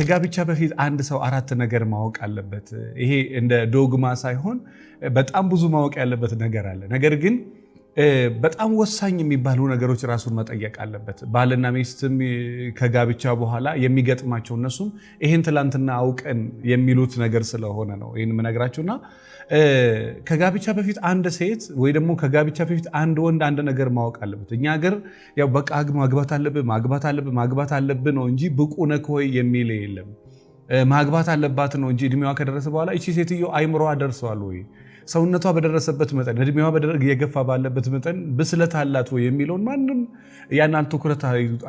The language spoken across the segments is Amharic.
ከጋብቻ በፊት አንድ ሰው አራት ነገር ማወቅ አለበት። ይሄ እንደ ዶግማ ሳይሆን በጣም ብዙ ማወቅ ያለበት ነገር አለ። ነገር ግን በጣም ወሳኝ የሚባሉ ነገሮች ራሱን መጠየቅ አለበት። ባልና ሚስትም ከጋብቻ በኋላ የሚገጥማቸው እነሱም ይህን ትላንትና አውቀን የሚሉት ነገር ስለሆነ ነው ይህን የምነግራችሁና ከጋብቻ በፊት አንድ ሴት ወይ ደግሞ ከጋብቻ በፊት አንድ ወንድ አንድ ነገር ማወቅ አለበት። እኛ ሀገር ያው በቃ ማግባት አለብህ ማግባት አለብህ ማግባት አለብህ ነው እንጂ ብቁ ነህ ወይ የሚል የለም። ማግባት አለባት ነው እንጂ እድሜዋ ከደረሰ በኋላ እቺ ሴትዮ አይምሮ ደርሰዋል ወይ ሰውነቷ በደረሰበት መጠን እድሜዋ የገፋ ባለበት መጠን ብስለት አላት ወይ የሚለውን ማንም ያንን ትኩረት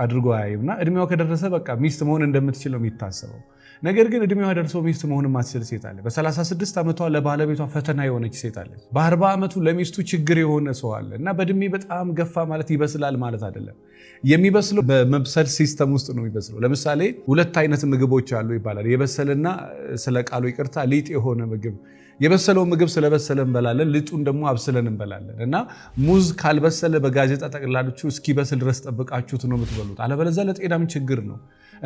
አድርጎ አያይምና እድሜዋ ከደረሰ በቃ ሚስት መሆን እንደምትችል ነው የሚታሰበው። ነገር ግን እድሜዋ ደርሶ ሚስት መሆን ማትችል ሴት አለ። በ36 ዓመቷ ለባለቤቷ ፈተና የሆነች ሴት አለች። በ40 ዓመቱ ለሚስቱ ችግር የሆነ ሰው አለ እና በእድሜ በጣም ገፋ ማለት ይበስላል ማለት አይደለም። የሚበስለው በመብሰል ሲስተም ውስጥ ነው የሚበስለው። ለምሳሌ ሁለት አይነት ምግቦች አሉ ይባላል። የበሰልና ስለ ቃሉ ይቅርታ ሊጥ የሆነ ምግብ የበሰለው ምግብ ስለበሰለ እንበላለን፣ ልጡን ደግሞ አብስለን እንበላለን እና ሙዝ ካልበሰለ በጋዜጣ ጠቅላላችሁ እስኪበስል ድረስ ጠብቃችሁት ነው የምትበሉት። አለበለዚያ ለጤናም ችግር ነው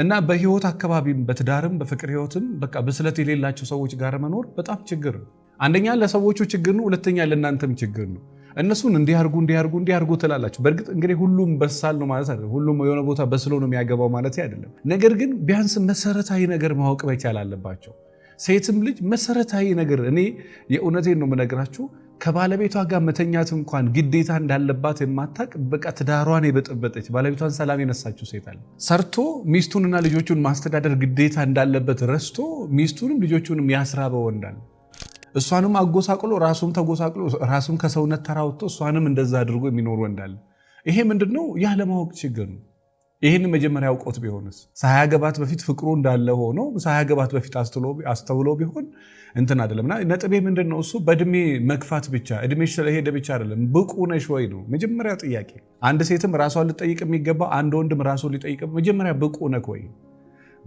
እና በህይወት አካባቢም በትዳርም በፍቅር ህይወትም በቃ ብስለት የሌላቸው ሰዎች ጋር መኖር በጣም ችግር ነው። አንደኛ ለሰዎቹ ችግር ነው፣ ሁለተኛ ለእናንተም ችግር ነው። እነሱን እንዲያርጉ እንዲያርጉ እንዲያርጉ ትላላችሁ። በእርግጥ እንግዲህ ሁሉም በሳል ነው ማለት አይደለም። ሁሉም የሆነ ቦታ በስሎ ነው የሚያገባው ማለት አይደለም። ነገር ግን ቢያንስ መሰረታዊ ነገር ማወቅ መቻል አለባቸው። ሴትም ልጅ መሰረታዊ ነገር እኔ የእውነቴን ነው የምነግራችሁ ከባለቤቷ ጋር መተኛት እንኳን ግዴታ እንዳለባት የማታቅ በቃ ትዳሯን የበጠበጠች ባለቤቷን ሰላም የነሳችው ሴት አለ። ሰርቶ ሚስቱንና ልጆቹን ማስተዳደር ግዴታ እንዳለበት ረስቶ ሚስቱንም ልጆቹንም ያስራበ ወንድ አለ። እሷንም አጎሳቅሎ ራሱም ተጎሳቅሎ ራሱም ከሰውነት ተራውቶ እሷንም እንደዛ አድርጎ የሚኖር ወንድ አለ። ይሄ ምንድነው? ያለማወቅ ችግር ነው። ይህን መጀመሪያ አውቆት ቢሆንስ ሳያገባት በፊት ፍቅሩ እንዳለ ሆኖ ሳያገባት በፊት አስተውሎ ቢሆን እንትን አይደለም። እና ነጥቤ ምንድን ነው? እሱ በእድሜ መግፋት ብቻ እድሜ ስለሄደ ብቻ አይደለም። ብቁ ነሽ ወይ ነው መጀመሪያ ጥያቄ። አንድ ሴትም ራሷን ልጠይቅ የሚገባው አንድ ወንድም ራሱን ሊጠይቅ መጀመሪያ ብቁ ነክ ወይ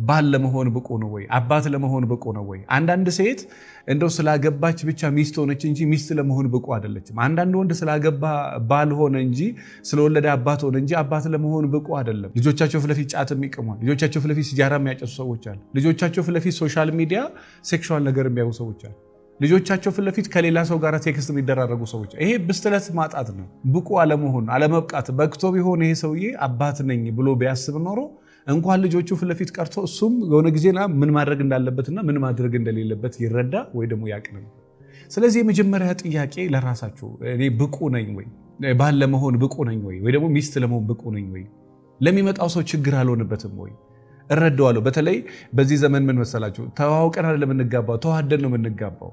ባል ለመሆን ብቁ ነው ወይ? አባት ለመሆን ብቁ ነው ወይ? አንዳንድ ሴት እንደው ስላገባች ብቻ ሚስት ሆነች እንጂ ሚስት ለመሆን ብቁ አይደለችም። አንዳንድ ወንድ ስላገባ ባል ሆነ እንጂ ስለወለደ አባት ሆነ እንጂ አባት ለመሆን ብቁ አይደለም። ልጆቻቸው ፊት ጫት የሚቅሙ፣ ልጆቻቸው ፊት ሲጃራ የሚያጨሱ ሰዎች አሉ። ልጆቻቸው ፍለፊት ሶሻል ሚዲያ ሴክሹዋል ነገር የሚያዩ ሰዎች አሉ። ልጆቻቸው ፍለፊት ከሌላ ሰው ጋር ቴክስት የሚደራረጉ ሰዎች፣ ይሄ ብስለት ማጣት ነው፣ ብቁ አለመሆን፣ አለመብቃት። በቅቶ ቢሆን ይሄ ሰውዬ አባት ነኝ ብሎ ቢያስብ ኖሮ እንኳን ልጆቹ ፊት ለፊት ቀርቶ እሱም የሆነ ጊዜ ምን ማድረግ እንዳለበትና ምን ማድረግ እንደሌለበት ይረዳ ወይ ደግሞ ያቅ ነበር። ስለዚህ የመጀመሪያ ጥያቄ ለራሳችሁ እኔ ብቁ ነኝ ወይ፣ ባል ለመሆን ብቁ ነኝ ወይ፣ ወይ ደግሞ ሚስት ለመሆን ብቁ ነኝ ወይ፣ ለሚመጣው ሰው ችግር አልሆንበትም ወይ እረዳዋለሁ። በተለይ በዚህ ዘመን ምን መሰላችሁ፣ ተዋውቀን አይደለም የምንጋባው፣ ተዋደን ነው የምንጋባው።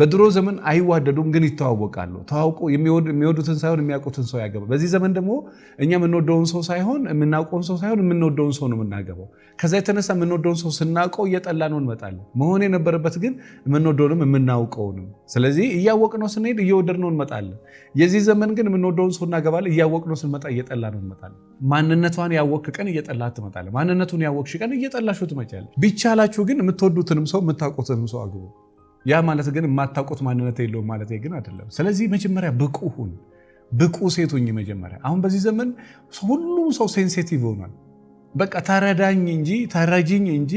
በድሮ ዘመን አይዋደዱም፣ ግን ይተዋወቃሉ። ተዋውቆ የሚወዱትን ሳይሆን የሚያውቁትን ሰው ያገባ። በዚህ ዘመን ደግሞ እኛ የምንወደውን ሰው ሳይሆን የምናውቀውን ሰው ሳይሆን የምንወደውን ሰው ነው የምናገባው። ከዛ የተነሳ የምንወደውን ሰው ስናውቀው እየጠላነው እንመጣለን። መሆን የነበረበት ግን የምንወደውንም የምናውቀውንም። ስለዚህ እያወቅነው ስንሄድ እየወደድነው እንመጣለን። የዚህ ዘመን ግን የምንወደውን ሰው እናገባለን። እያወቅነው ስንመጣ እየጠላነው እንመጣለን። ማንነቷን ያወቅክ ቀን እየጠላት ትመጣለህ። ማንነቱን ያወቅሽ ቀን እየጠላሽው ትመጫለሽ። ቢቻላችሁ ግን የምትወዱትንም ሰው የምታውቁትንም ሰው አግቡ። ያ ማለት ግን የማታውቁት ማንነት የለውም ማለት ግን አይደለም። ስለዚህ መጀመሪያ ብቁ ሁን፣ ብቁ ሴት ሁኝ። መጀመሪያ አሁን በዚህ ዘመን ሁሉም ሰው ሴንሲቲቭ ሆኗል። በቃ ተረዳኝ እንጂ ተረጂኝ እንጂ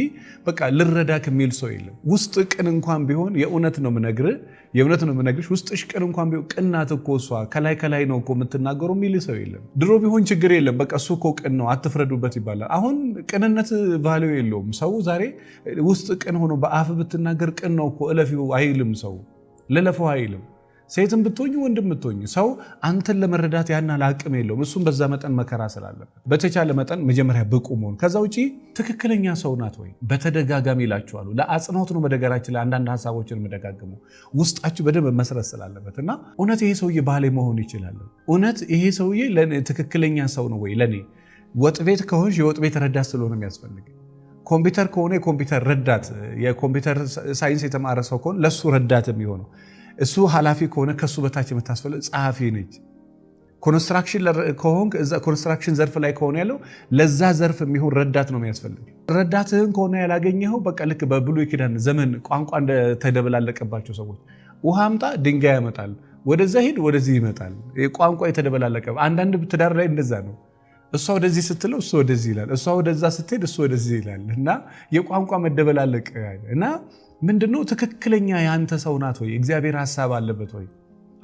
በቃ ልረዳክ የሚል ሰው የለም። ውስጥ ቅን እንኳን ቢሆን የእውነት ነው ምነግር የእውነት ነው የምነግርሽ። ውስጥሽ ቅን እንኳን ቢሆን ቅናት እኮ እሷ ከላይ ከላይ ነው እኮ የምትናገሩ የሚል ሰው የለም። ድሮ ቢሆን ችግር የለም በቃ እሱ እኮ ቅን ነው አትፍረዱበት ይባላል። አሁን ቅንነት ቫሊው የለውም። ሰው ዛሬ ውስጥ ቅን ሆኖ በአፍ ብትናገር ቅን ነው እኮ እለፊው አይልም። ሰው ልለፈው አይልም። ሴትም ብትሆኝ ወንድም ብትሆኝ ሰው አንተን ለመረዳት ያን አቅም የለውም። እሱም በዛ መጠን መከራ ስላለበት በተቻለ መጠን መጀመሪያ ብቁ መሆን። ከዛ ውጪ ትክክለኛ ሰው ናት ወይ? በተደጋጋሚ ይላችኋሉ። ለአጽንኦት ነው መደገራችን ላይ አንዳንድ ሀሳቦችን መደጋግሙ ውስጣችሁ በደንብ መስረት ስላለበት እና እውነት ይሄ ሰውዬ ባሌ መሆን ይችላል። እውነት ይሄ ሰውዬ ትክክለኛ ሰው ነው ወይ ለእኔ? ወጥ ቤት ከሆንሽ የወጥ ቤት ረዳት ስለሆነ የሚያስፈልግ ኮምፒውተር ከሆነ የኮምፒውተር ረዳት፣ የኮምፒውተር ሳይንስ የተማረ ሰው ከሆነ ለእሱ ረዳት የሚሆነው እሱ ኃላፊ ከሆነ ከሱ በታች የምታስፈለ ጸሐፊ ነች። ኮንስትራክሽን ዘርፍ ላይ ከሆነ ያለው ለዛ ዘርፍ የሚሆን ረዳት ነው የሚያስፈልግ። ረዳትህን ከሆነ ያላገኘኸው በቃ ልክ በብሉይ ኪዳን ዘመን ቋንቋ እንደተደበላለቀባቸው ሰዎች ውሃ አምጣ ድንጋይ ያመጣል፣ ወደዛ ሂድ ወደዚህ ይመጣል። ቋንቋ የተደበላለቀ አንዳንድ ትዳር ላይ እንደዛ ነው። እሷ ወደዚህ ስትለው እሱ ወደዚህ ይላል። እሷ ወደዛ ስትሄድ እሱ ወደዚህ ይላል እና የቋንቋ መደበላለቅ እና ምንድነው ትክክለኛ የአንተ ሰው ናት ወይ? እግዚአብሔር ሀሳብ አለበት ወይ?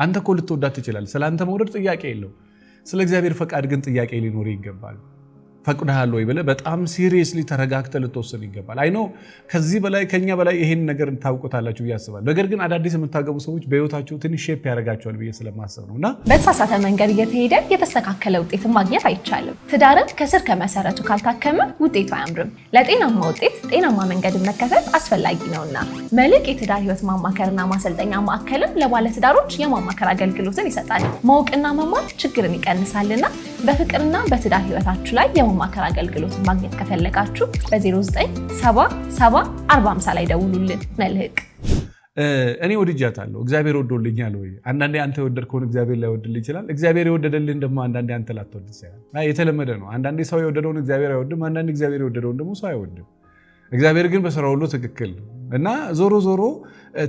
አንተ እኮ ልትወዳት ትችላል። ስለ አንተ መውደድ ጥያቄ የለው። ስለ እግዚአብሔር ፈቃድ ግን ጥያቄ ሊኖር ይገባል። ፈቅደሃል ወይ ብለህ በጣም ሲሪየስሊ ተረጋግተህ ልትወስን ይገባል። አይ ከዚህ በላይ ከኛ በላይ ይሄን ነገር ታውቁታላችሁ ብዬ አስባለሁ። ነገር ግን አዳዲስ የምታገቡ ሰዎች በህይወታቸው ትንሽ ሼፕ ያደርጋቸዋል ብዬ ስለማሰብ ነው እና በተሳሳተ መንገድ እየተሄደ የተስተካከለ ውጤትን ማግኘት አይቻልም። ትዳርን ከስር ከመሰረቱ ካልታከመ ውጤቱ አያምርም። ለጤናማ ውጤት ጤናማ መንገድን መከተል አስፈላጊ ነውና መልሕቅ የትዳር ህይወት ማማከርና ማሰልጠኛ ማዕከልም ለባለትዳሮች የማማከር አገልግሎትን ይሰጣል። ማወቅና መማር ችግርን ይቀንሳልና በፍቅርና በትዳር ህይወታችሁ ላይ የሆም አገልግሎት ማግኘት ከፈለጋችሁ በ 450 ላይ ደውሉልን። መልህቅ እኔ ወድጃታለሁ፣ እግዚአብሔር ወዶልኛል ወይ? አንዳንዴ አንተ የወደድከውን እግዚአብሔር ላይወድል ይችላል። እግዚአብሔር የወደደልን ደግሞ አንዳንዴ አንተ ላትወድ ይችላል። የተለመደ ነው። አንዳንዴ ሰው የወደደውን እግዚአብሔር አይወድም፣ አንዳንዴ እግዚአብሔር የወደደውን ደግሞ ሰው አይወድም። እግዚአብሔር ግን በስራ ሁሉ ትክክል እና ዞሮ ዞሮ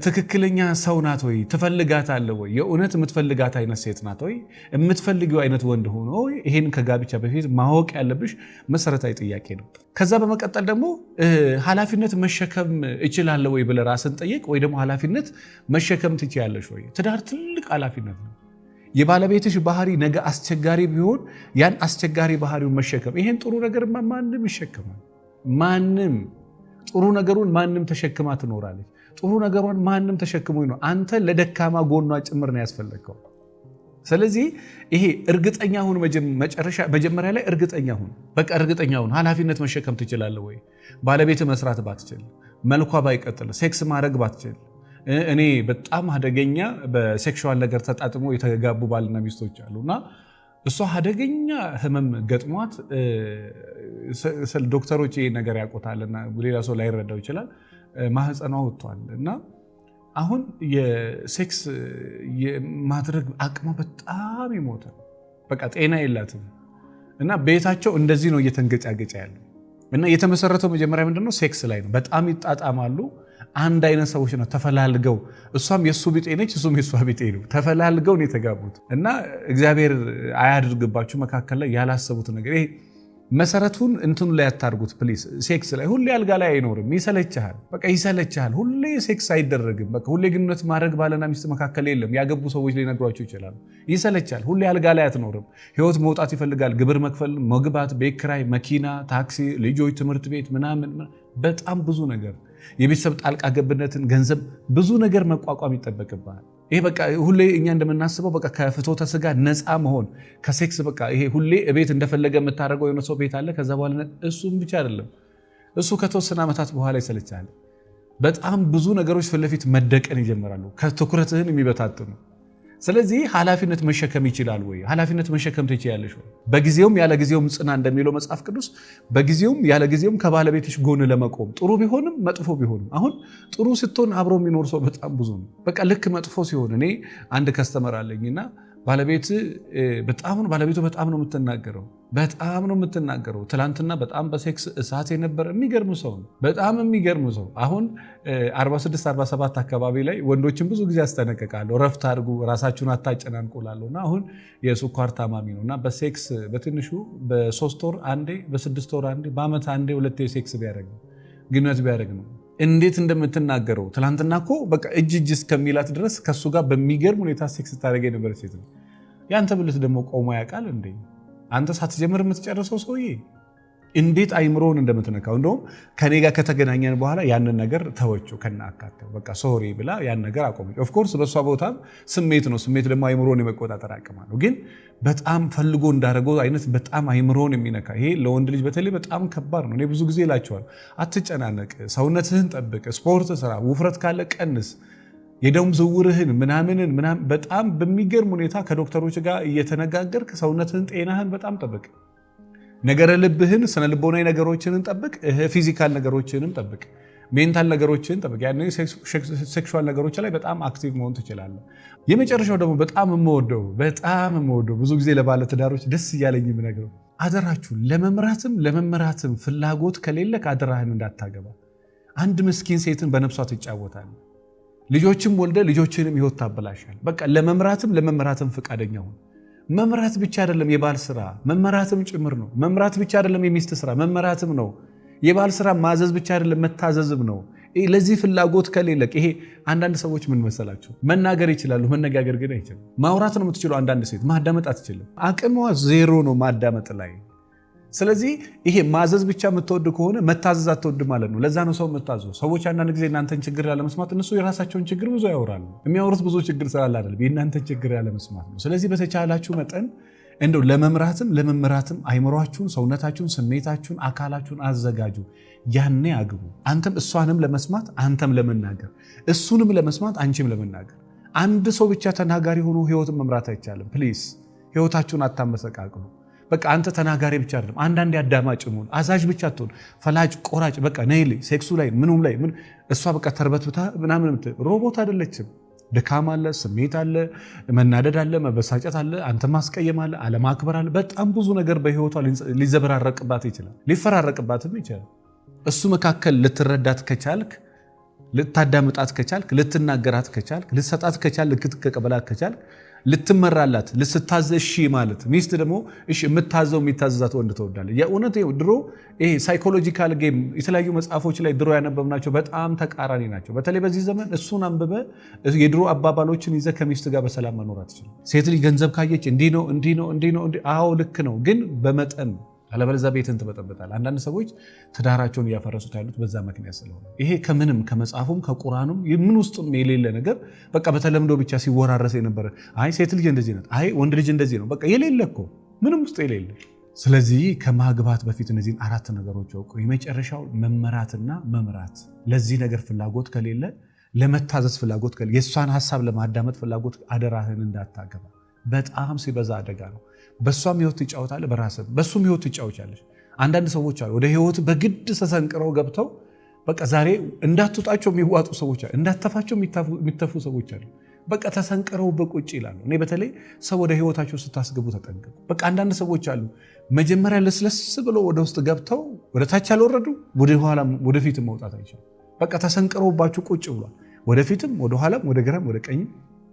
ትክክለኛ ሰው ናት ወይ? ትፈልጋታለህ ወይ? የእውነት የምትፈልጋት አይነት ሴት ናት ወይ? የምትፈልጊው አይነት ወንድ ሆኖ ይሄን ከጋብቻ በፊት ማወቅ ያለብሽ መሰረታዊ ጥያቄ ነው። ከዛ በመቀጠል ደግሞ ኃላፊነት መሸከም እችላለሁ ወይ ብለህ ራስን ጠይቅ። ወይ ደግሞ ኃላፊነት መሸከም ትችያለሽ ወይ? ትዳር ትልቅ ኃላፊነት ነው። የባለቤትሽ ባህሪ ነገ አስቸጋሪ ቢሆን ያን አስቸጋሪ ባህሪውን መሸከም ይሄን ጥሩ ነገር ማንም ይሸከማል ማንም ጥሩ ነገሩን ማንም ተሸክማ ትኖራለች። ጥሩ ነገሯን ማንም ተሸክሞ ነው። አንተ ለደካማ ጎኗ ጭምር ነው ያስፈለግከው። ስለዚህ ይሄ እርግጠኛ ሁን፣ መጀመሪያ ላይ እርግጠኛ ሁን። በቃ እርግጠኛ ሁን። ኃላፊነት መሸከም ትችላለህ ወይ? ባለቤት መስራት ባትችል፣ መልኳ ባይቀጥል፣ ሴክስ ማድረግ ባትችል እኔ በጣም አደገኛ በሴክሹዋል ነገር ተጣጥሞ የተጋቡ ባልና ሚስቶች አሉ እና እሷ አደገኛ ህመም ገጥሟት ዶክተሮች ይሄ ነገር ያውቁታል እና ሌላ ሰው ላይረዳው ይችላል። ማህፀኗ ወጥቷል እና አሁን የሴክስ የማድረግ አቅሟ በጣም ይሞተ በቃ ጤና የላትም እና ቤታቸው እንደዚህ ነው እየተንገጫገጫ ያለ እና የተመሰረተው መጀመሪያ ምንድነው ሴክስ ላይ ነው። በጣም ይጣጣማሉ። አንድ አይነት ሰዎች ነው ተፈላልገው፣ እሷም የእሱ ቢጤ ነች፣ እሱም የእሷ ቢጤ ነው። ተፈላልገው ነው የተጋቡት እና እግዚአብሔር አያድርግባችሁ መካከል ላይ ያላሰቡት ነገር መሰረቱን እንትኑ ላይ ያታርጉት ፕሊስ። ሴክስ ላይ ሁሌ አልጋ ላይ አይኖርም። ይሰለችሃል፣ በቃ ይሰለችሃል። ሁሌ ሴክስ አይደረግም። በቃ ሁሌ ግንኙነት ማድረግ ባለና ሚስት መካከል የለም። ያገቡ ሰዎች ሊነግሯቸው ይችላሉ። ይሰለችሃል፣ ሁሌ አልጋ ላይ አትኖርም። ህይወት መውጣት ይፈልጋል። ግብር መክፈል፣ መግባት፣ ቤት ኪራይ፣ መኪና፣ ታክሲ፣ ልጆች ትምህርት ቤት ምናምን፣ በጣም ብዙ ነገር፣ የቤተሰብ ጣልቃ ገብነትን፣ ገንዘብ፣ ብዙ ነገር መቋቋም ይጠበቅብሃል። ይሄ በቃ ሁሌ እኛ እንደምናስበው በቃ ከፍቶተ ስጋ ነፃ መሆን ከሴክስ በቃ ይሄ ሁሌ ቤት እንደፈለገ የምታደርገው የሆነ ሰው ቤት አለ። ከዛ በኋላ እሱም ብቻ አይደለም፣ እሱ ከተወሰነ ዓመታት በኋላ ይሰለቻል። በጣም ብዙ ነገሮች ፊት ለፊት መደቀን ይጀምራሉ፣ ከትኩረትህን የሚበታጥኑ ስለዚህ ኃላፊነት መሸከም ይችላል ወይ? ኃላፊነት መሸከም ትችያለሽ ወይ? በጊዜውም ያለ ጊዜውም ጽና እንደሚለው መጽሐፍ ቅዱስ በጊዜውም ያለ ጊዜውም ከባለቤትሽ ጎን ለመቆም ጥሩ ቢሆንም መጥፎ ቢሆንም። አሁን ጥሩ ስትሆን አብሮ የሚኖር ሰው በጣም ብዙ ነው። በቃ ልክ መጥፎ ሲሆን እኔ አንድ ከስተመር አለኝና ባለቤት በጣም ነው ባለቤቱ በጣም ነው የምትናገረው በጣም ነው የምትናገረው። ትላንትና በጣም በሴክስ እሳት የነበረ የሚገርም ሰው ነው። በጣም የሚገርም ሰው። አሁን 46 47 አካባቢ ላይ ወንዶችን ብዙ ጊዜ ያስጠነቅቃለሁ፣ ረፍት አድርጉ፣ ራሳችሁን አታጨናንቁላለሁ እና አሁን የስኳር ታማሚ ነው እና በሴክስ በትንሹ በሶስት ወር አንዴ፣ በስድስት ወር አንዴ፣ በአመት አንዴ ሁለቴ ሴክስ ቢያደርግ ግንኙነት ቢያደርግ ነው እንዴት እንደምትናገረው ትናንትና እኮ በቃ እጅ እጅ እስከሚላት ድረስ ከእሱ ጋር በሚገርም ሁኔታ ሴክስ ስታደርግ የነበረ ሴት ነው። የአንተ ብልት ደግሞ ቆሞ ያውቃል እንዴ? አንተ ሳትጀምር የምትጨርሰው ሰውዬ እንዴት አይምሮውን እንደምትነካው እንደውም ከኔ ጋር ከተገናኘን በኋላ ያንን ነገር ተወችው ከና አካተው በቃ ሶሪ ብላ ያን ነገር አቆመች። ኦፍኮርስ በእሷ ቦታም ስሜት ነው። ስሜት ደግሞ አይምሮን የመቆጣጠር አቅም ነው። ግን በጣም ፈልጎ እንዳደረገው አይነት በጣም አይምሮን የሚነካ ይሄ ለወንድ ልጅ በተለይ በጣም ከባድ ነው። እኔ ብዙ ጊዜ ላቸዋል፣ አትጨናነቅ፣ ሰውነትህን ጠብቅ፣ ስፖርት ስራ፣ ውፍረት ካለ ቀንስ የደም ዝውውርህን ምናምንን በጣም በሚገርም ሁኔታ ከዶክተሮች ጋር እየተነጋገርክ ሰውነትህን ጤናህን በጣም ጠብቅ። ነገረ ልብህን ስነ ልቦናዊ ነገሮችንን ጠብቅ፣ ፊዚካል ነገሮችንም ጠብቅ፣ ሜንታል ነገሮችን ጠብቅ። ያ ሴክሹዋል ነገሮች ላይ በጣም አክቲቭ መሆን ትችላለህ። የመጨረሻው ደግሞ በጣም የምወደው በጣም የምወደው ብዙ ጊዜ ለባለትዳሮች ደስ እያለኝ የምነግረው አደራችሁ ለመምራትም ለመምራትም ፍላጎት ከሌለ ከአደራህን እንዳታገባ። አንድ ምስኪን ሴትን በነፍሷ ትጫወታል። ልጆችም ወልደ ልጆችንም ህይወት ታበላሻል። በቃ ለመምራትም ለመምራትም ፈቃደኛ ሁን። መምራት ብቻ አይደለም የባል ስራ፣ መመራትም ጭምር ነው። መምራት ብቻ አይደለም የሚስት ስራ፣ መመራትም ነው። የባል ስራ ማዘዝ ብቻ አይደለም መታዘዝም ነው። ለዚህ ፍላጎት ከሌለ ይሄ አንዳንድ ሰዎች ምን መሰላቸው መናገር ይችላሉ፣ መነጋገር ግን አይችልም። ማውራት ነው የምትችለው አንዳንድ ሴት ማዳመጥ አትችልም። አቅሟ ዜሮ ነው ማዳመጥ ላይ ስለዚህ ይሄ ማዘዝ ብቻ የምትወድ ከሆነ መታዘዝ አትወድ ማለት ነው። ለዛ ነው ሰው የምታዘ ሰዎች አንዳንድ ጊዜ እናንተን ችግር ያለመስማት እነሱ የራሳቸውን ችግር ብዙ ያወራሉ። የሚያወሩት ብዙ ችግር ስላለ አይደለም የእናንተን ችግር ያለመስማት ነው። ስለዚህ በተቻላችሁ መጠን እንደው ለመምራትም ለመምራትም አይምሯችሁን፣ ሰውነታችሁን፣ ስሜታችሁን፣ አካላችሁን አዘጋጁ። ያኔ አግቡ። አንተም እሷንም ለመስማት አንተም ለመናገር እሱንም ለመስማት አንቺም ለመናገር አንድ ሰው ብቻ ተናጋሪ ሆኖ ህይወትን መምራት አይቻልም። ፕሊስ ህይወታችሁን አታመሰቃቅሉ። በቃ አንተ ተናጋሪ ብቻ አይደለም፣ አንዳንዴ አዳማጭ መሆን፣ አዛዥ ብቻ አትሆን፣ ፈላጭ ቆራጭ፣ በቃ ነይ ሴክሱ ላይ ምኑም ላይ እሷ በቃ ተርበትብታ ምናምን ምት ሮቦት አይደለችም። ድካም አለ፣ ስሜት አለ፣ መናደድ አለ፣ መበሳጨት አለ፣ አንተ ማስቀየም አለ፣ አለማክበር አለ። በጣም ብዙ ነገር በህይወቷ ሊዘበራረቅባት ይችላል፣ ሊፈራረቅባትም ይችላል። እሱ መካከል ልትረዳት ከቻልክ ልታዳምጣት ከቻልክ ልትናገራት ከቻልክ ልትሰጣት ከቻልክ ልትቀበላት ከቻልክ ልትመራላት ልስታዘ እሺ ማለት ሚስት ደግሞ እሺ የምታዘው የሚታዘዛት ወንድ ተወዳለ። የእውነት ድሮ ይሄ ሳይኮሎጂካል ጌም የተለያዩ መጽሐፎች ላይ ድሮ ያነበብናቸው በጣም ተቃራኒ ናቸው። በተለይ በዚህ ዘመን እሱን አንብበ የድሮ አባባሎችን ይዘ ከሚስት ጋር በሰላም መኖር አትችልም። ሴት ልጅ ገንዘብ ካየች እንዲህ ነው እንዲህ ነው እንዲህ ነው። አዎ ልክ ነው፣ ግን በመጠን አለበለዚያ ቤትን ትበጠብጣል። አንዳንድ ሰዎች ትዳራቸውን እያፈረሱት ያሉት በዛ ምክንያት ስለሆነ ይሄ ከምንም ከመጽሐፉም ከቁራኑም ምን ውስጥም የሌለ ነገር በቃ በተለምዶ ብቻ ሲወራረስ የነበረ አይ ሴት ልጅ እንደዚህ ናት፣ አይ ወንድ ልጅ እንደዚህ ነው፣ በቃ የሌለ እኮ ምንም ውስጥ የሌለ ስለዚህ ከማግባት በፊት እነዚህን አራት ነገሮች ያውቁ። የመጨረሻው መመራትና መምራት። ለዚህ ነገር ፍላጎት ከሌለ፣ ለመታዘዝ ፍላጎት ከሌለ፣ የእሷን ሀሳብ ለማዳመጥ ፍላጎት አደራህን እንዳታገባ። በጣም ሲበዛ አደጋ ነው። በእሷም ህይወት ትጫወታለህ፣ በራስህ በእሱም ህይወት ትጫወቻለሽ። አንዳንድ ሰዎች አሉ ወደ ህይወት በግድ ተሰንቅረው ገብተው በቃ ዛሬ እንዳትወጣቸው የሚዋጡ ሰዎች አሉ፣ እንዳተፋቸው የሚተፉ ሰዎች አሉ። በቃ ተሰንቅረው በቁጭ ይላሉ። እኔ በተለይ ሰው ወደ ህይወታቸው ስታስገቡ ተጠንቀቁ። በቃ አንዳንድ ሰዎች አሉ መጀመሪያ ለስለስ ብሎ ወደ ውስጥ ገብተው ወደ ታች ያልወረዱ ወደኋላ ወደፊትም መውጣት አይችልም። በቃ ተሰንቅረውባችሁ ቁጭ ብሏል። ወደፊትም ወደኋላም ወደ ግራም ወደ ቀኝም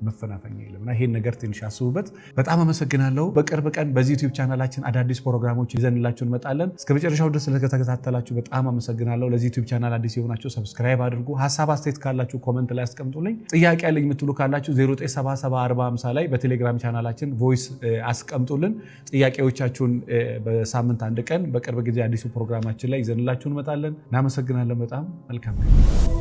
መፈናፈኛ የለም እና ይሄን ነገር ትንሽ አስቡበት። በጣም አመሰግናለሁ። በቅርብ ቀን በዚህ ዩቲዩብ ቻናላችን አዳዲስ ፕሮግራሞች ይዘንላችሁ እንመጣለን። እስከ መጨረሻው ድረስ ስለተከታተላችሁ በጣም አመሰግናለሁ። ለዚህ ዩቲዩብ ቻናል አዲስ የሆናችሁ ሰብስክራይብ አድርጉ። ሀሳብ አስተያየት ካላችሁ ኮመንት ላይ አስቀምጡልኝ። ጥያቄ ያለኝ የምትሉ ካላችሁ 0977450 ላይ በቴሌግራም ቻናላችን ቮይስ አስቀምጡልን። ጥያቄዎቻችሁን በሳምንት አንድ ቀን በቅርብ ጊዜ አዲሱ ፕሮግራማችን ላይ ይዘንላችሁ እንመጣለን። እናመሰግናለን። በጣም መልካም